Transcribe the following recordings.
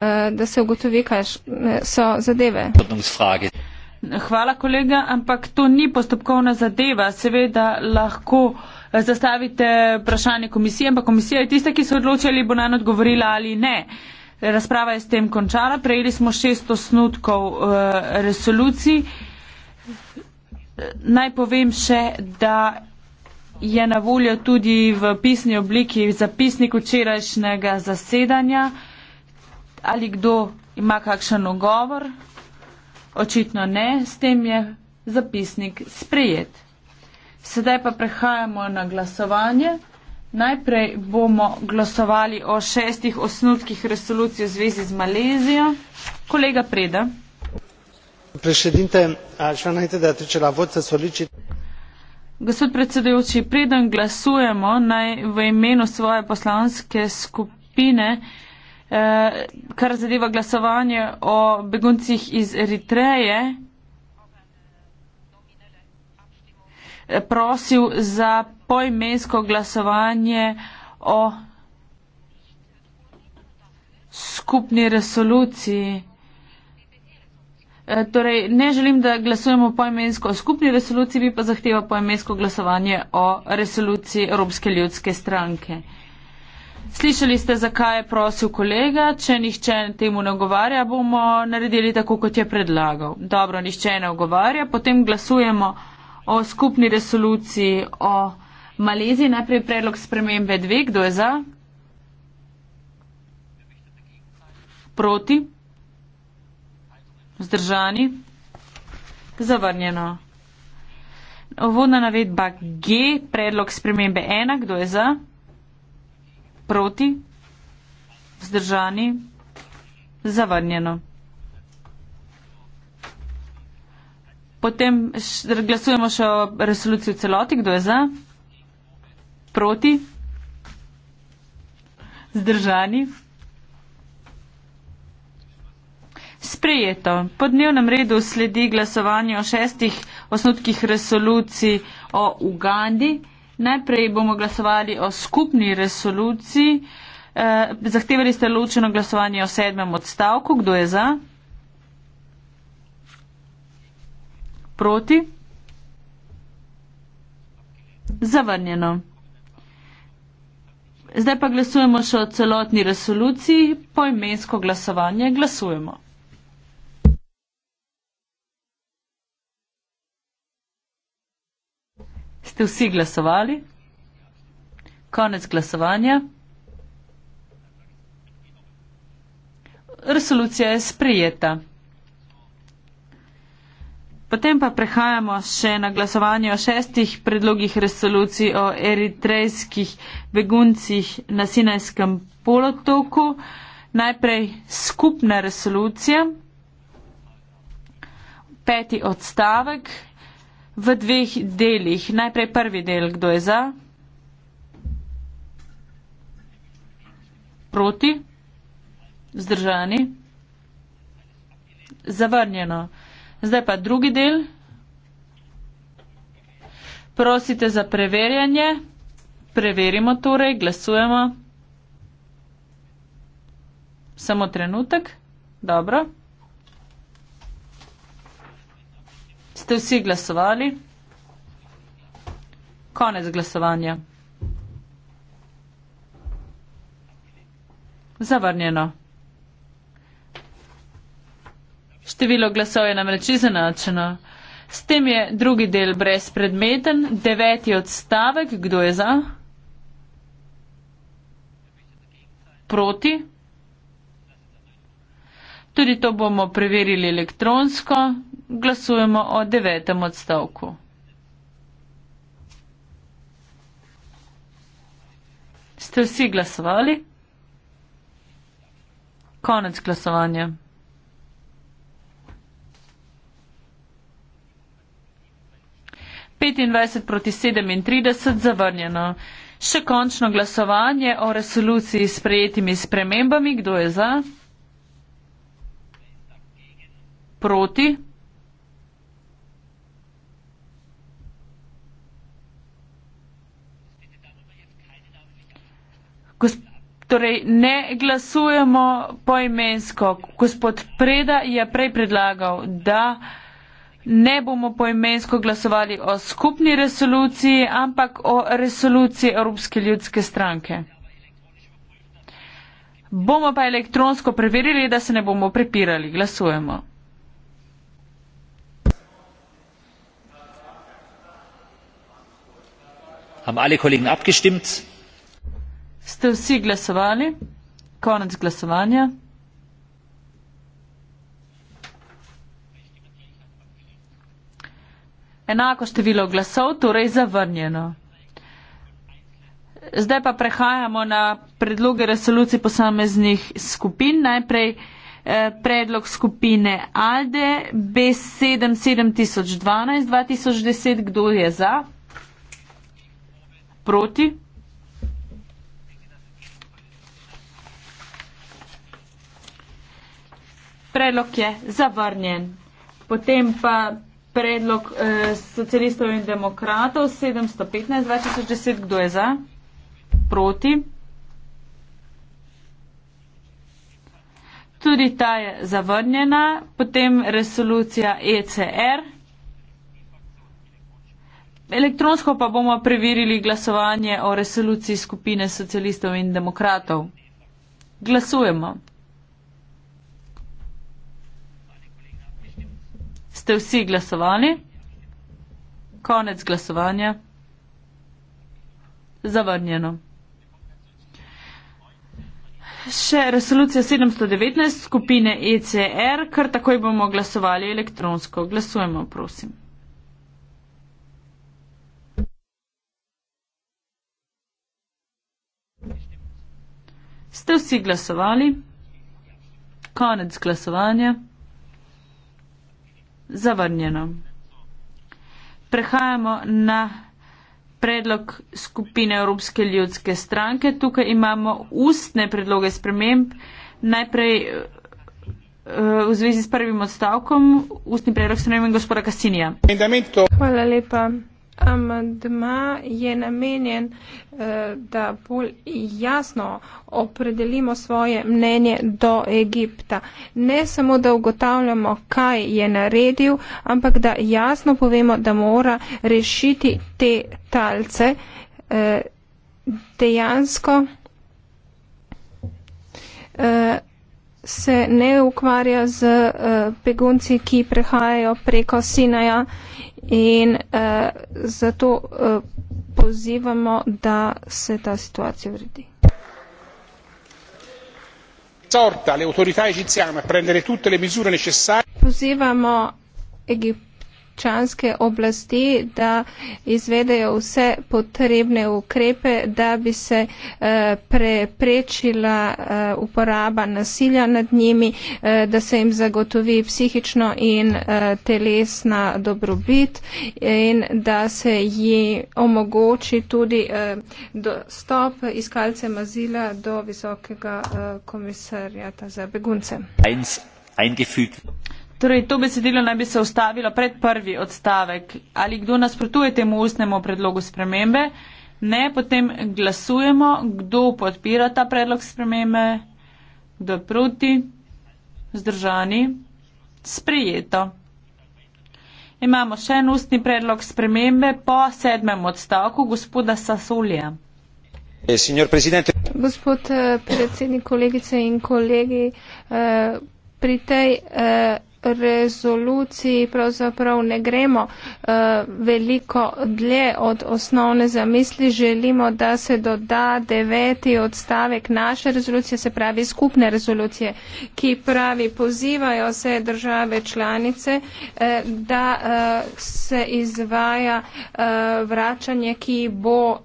Eh, da se ugotovi, kaj so zadeve. Hvala, kolega, ampak to ni postopkovna zadeva. Seveda lahko eh, zastavite vprašanje komisije, ampak komisija je tista, ki se odloči, ali bo nam odgovorila ali ne. Razprava je s tem končala. Prejeli smo šest osnutkov eh, resolucij. Naj povem še, da je na voljo tudi v pisni obliki zapisnik včerajšnjega zasedanja ali kdo ima kakšen ogovor? Očitno ne, s tem je zapisnik sprejet. Sedaj pa prehajamo na glasovanje. Najprej bomo glasovali o šestih osnutkih resolucij v zvezi z Malezijo. Kolega Preda. Gospod predsedujoči, preden glasujemo, naj v imenu svoje poslanske skupine. Eh, kar zadeva glasovanje o beguncih iz Eritreje, eh, prosil za pojmensko glasovanje o skupni resoluciji. Eh, torej, ne želim, da glasujemo pojmensko o skupni resoluciji, bi pa zahteva pojmensko glasovanje o resoluciji Evropske ljudske stranke. Slišali ste, zakaj je prosil kolega, če nihče temu ne ogovarja, bomo naredili tako, kot je predlagal. Dobro, nihče ne ogovarja, potem glasujemo o skupni resoluciji o Maleziji. Najprej predlog spremembe dve, kdo je za? Proti? Zdržani? Zavrnjeno. Vodna navedba G, predlog spremembe ena, kdo je za? Proti? Vzdržani? Zavrnjeno. Potem glasujemo še o resoluciji v celoti. Kdo je za? Proti? Zdržani? Sprejeto. Po dnevnem redu sledi glasovanje o šestih osnutkih resolucij o Ugandi. Najprej bomo glasovali o skupni resoluciji. Eh, zahtevali ste ločeno glasovanje o sedmem odstavku. Kdo je za? Proti? Zavrnjeno. Zdaj pa glasujemo še o celotni resoluciji. Poimensko glasovanje glasujemo. ste vsi glasovali. Konec glasovanja. Resolucija je sprijeta. Potem pa prehajamo še na glasovanje o šestih predlogih resolucij o eritrejskih beguncih na Sinajskem polotoku. Najprej skupna resolucija, peti odstavek, v dveh delih. Najprej prvi del, kdo je za? Proti? Zdržani? Zavrnjeno. Zdaj pa drugi del. Prosite za preverjanje. Preverimo torej, glasujemo. Samo trenutek. Dobro. ste vsi glasovali? Konec glasovanja. Zavrnjeno. Število glasov je namreč izenačeno. S tem je drugi del brezpredmeten, deveti odstavek, kdo je za? Proti? Tudi to bomo preverili elektronsko, glasujemo o devetem odstavku. Ste vsi glasovali? Konec glasovanja. petindvajset proti sedemintrideset zavrnjeno. Še končno glasovanje o resoluciji s prejetimi spremembami. Kdo je za? Proti? Torej, ne glasujemo poimensko. Gospod Preda je prej predlagal, da ne bomo poimensko glasovali o skupni resoluciji, ampak o resoluciji Evropske ljudske stranke. Bomo pa elektronsko preverili, da se ne bomo prepirali. Glasujemo. Haben alle Kollegen abgestimmt? ste vsi glasovali? Konec glasovanja. Enako število glasov, torej zavrnjeno. Zdaj pa prehajamo na predloge resolucij posameznih skupin. Najprej eh, predlog skupine ALDE B77012-2010. Kdo je za? Proti? predlog je zavrnjen. Potem pa predlog eh, socialistov in demokratov 715-2010, kdo je za? Proti. Tudi ta je zavrnjena. Potem resolucija ECR. Elektronsko pa bomo preverili glasovanje o resoluciji skupine socialistov in demokratov. Glasujemo. ste vsi glasovali? Konec glasovanja. Zavrnjeno. Še resolucija 719 skupine ECR, kar takoj bomo glasovali elektronsko. Glasujemo, prosim. Ste vsi glasovali? Konec glasovanja zavrnjeno. Prehajamo na predlog skupine Evropske ljudske stranke. Tukaj imamo ustne predloge sprememb. Najprej eh, v zvezi s prvim odstavkom ustni predlog sprememb gospoda Kasinija. Hvala lepa amandma je namenjen, eh, da bolj jasno opredelimo svoje mnenje do Egipta. Ne samo, da ugotavljamo, kaj je naredil, ampak da jasno povemo, da mora rešiti te talce eh, dejansko. Eh, se ne ukvarja z uh, begunci, ki prehajajo preko Sinaja in uh, zato uh, pozivamo, da se ta situacija uredi. Pozivamo Egipt občanske oblasti, da izvedejo vse potrebne ukrepe, da bi se eh, preprečila eh, uporaba nasilja nad njimi, eh, da se jim zagotovi psihično in telesna dobrobit in da se jim omogoči tudi dostop iskalcem azila do visokega komisarjata za begunce. 1, 1, 2, 2. Torej, to besedilo naj bi se ustavilo pred prvi odstavek. Ali kdo nasprotuje temu ustnemu predlogu spremembe? Ne, potem glasujemo, kdo podpira ta predlog spremembe, kdo je proti, zdržani, sprejeto. Imamo še en ustni predlog spremembe po sedmem odstavku gospoda Sasulija. E, Gospod eh, predsednik, kolegice in kolegi, eh, pri tej eh, rezoluciji pravzaprav ne gremo eh, veliko dlje od osnovne zamisli. Želimo, da se doda deveti odstavek naše rezolucije, se pravi skupne rezolucije, ki pravi pozivajo vse države članice, eh, da eh, se izvaja vračanje, ki bo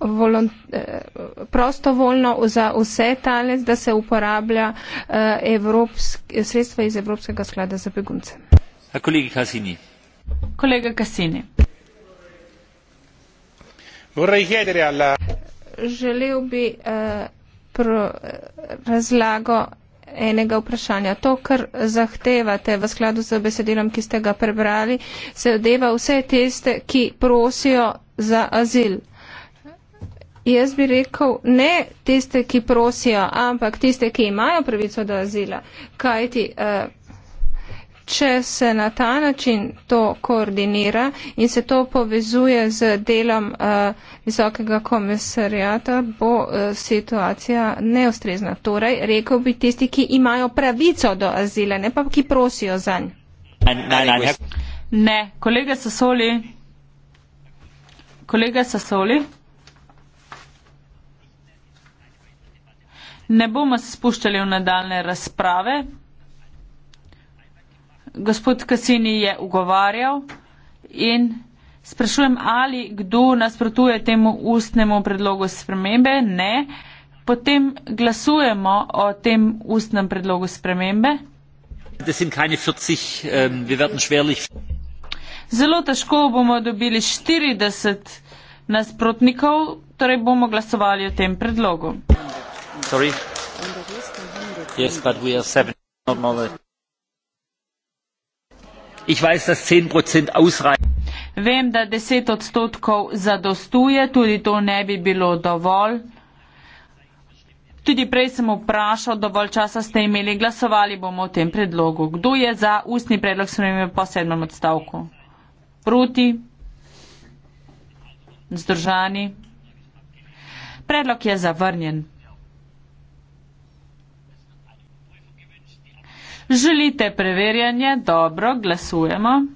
volontarno prostovoljno za vse talec, da se uporablja eh, evropske, sredstva iz Evropskega sklada za begunce. Kolegi Kasini. Kolega Kasini. Želel bi uh, pro, razlago enega vprašanja. To, kar zahtevate v skladu z besedilom, ki ste ga prebrali, se odeva vse tiste, ki prosijo za azil. Uh, Jaz bi rekel ne tiste, ki prosijo, ampak tiste, ki imajo pravico do azila. Kaj ti, eh, če se na ta način to koordinira in se to povezuje z delom eh, visokega komisarjata, bo eh, situacija neustrezna. Torej, rekel bi tisti, ki imajo pravico do azila, ne pa ki prosijo za nj. Ne, kolega Sasoli. Kolega Sasoli. Ne bomo se spuščali v nadaljne razprave. Gospod Kasini je ugovarjal in sprašujem, ali kdo nasprotuje temu ustnemu predlogu spremembe. Ne. Potem glasujemo o tem ustnem predlogu spremembe. Ähm, Zelo težko bomo dobili 40 nasprotnikov, torej bomo glasovali o tem predlogu sorry. Yes, but we are seven. Not more ich weiß, dass zehn Prozent ausreichen. Vem, da deset odstotkov zadostuje, tudi to ne bi bilo dovolj. Tudi prej sem vprašal, dovolj časa ste imeli, glasovali bomo o tem predlogu. Kdo je za ustni predlog, sem imel po sedmem odstavku? Proti? Zdržani? Predlog je zavrnjen. Želite preverjanje? Dobro, glasujemo.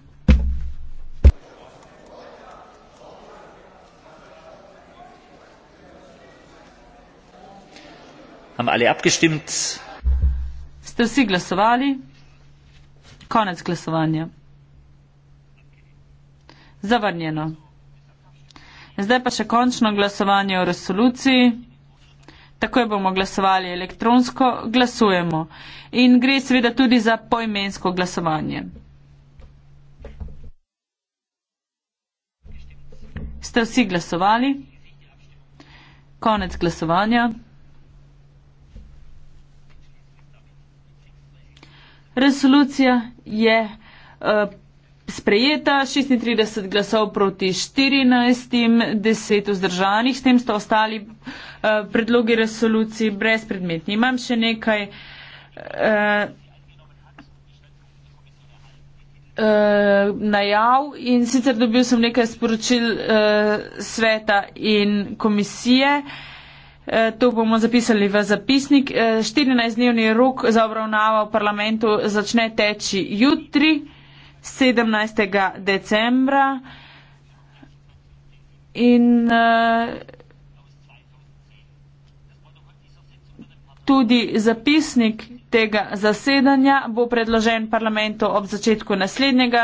Ste vsi glasovali? Konec glasovanja. Zavrnjeno. Zdaj pa še končno glasovanje o resoluciji. Takoj bomo glasovali elektronsko, glasujemo. In gre seveda tudi za poimensko glasovanje. Ste vsi glasovali? Konec glasovanja. Resolucija je uh, sprejeta, 36 glasov proti 14, 10 vzdržanih, s tem sta ostali uh, predlogi resoluciji brezpredmetni. Imam še nekaj. Uh, najav in sicer dobil sem nekaj sporočil eh, sveta in komisije. Eh, to bomo zapisali v zapisnik. Eh, 14-dnevni rok za obravnavo v parlamentu začne teči jutri. 17. decembra in eh, tudi zapisnik tega zasedanja bo predložen parlamentu ob začetku naslednjega.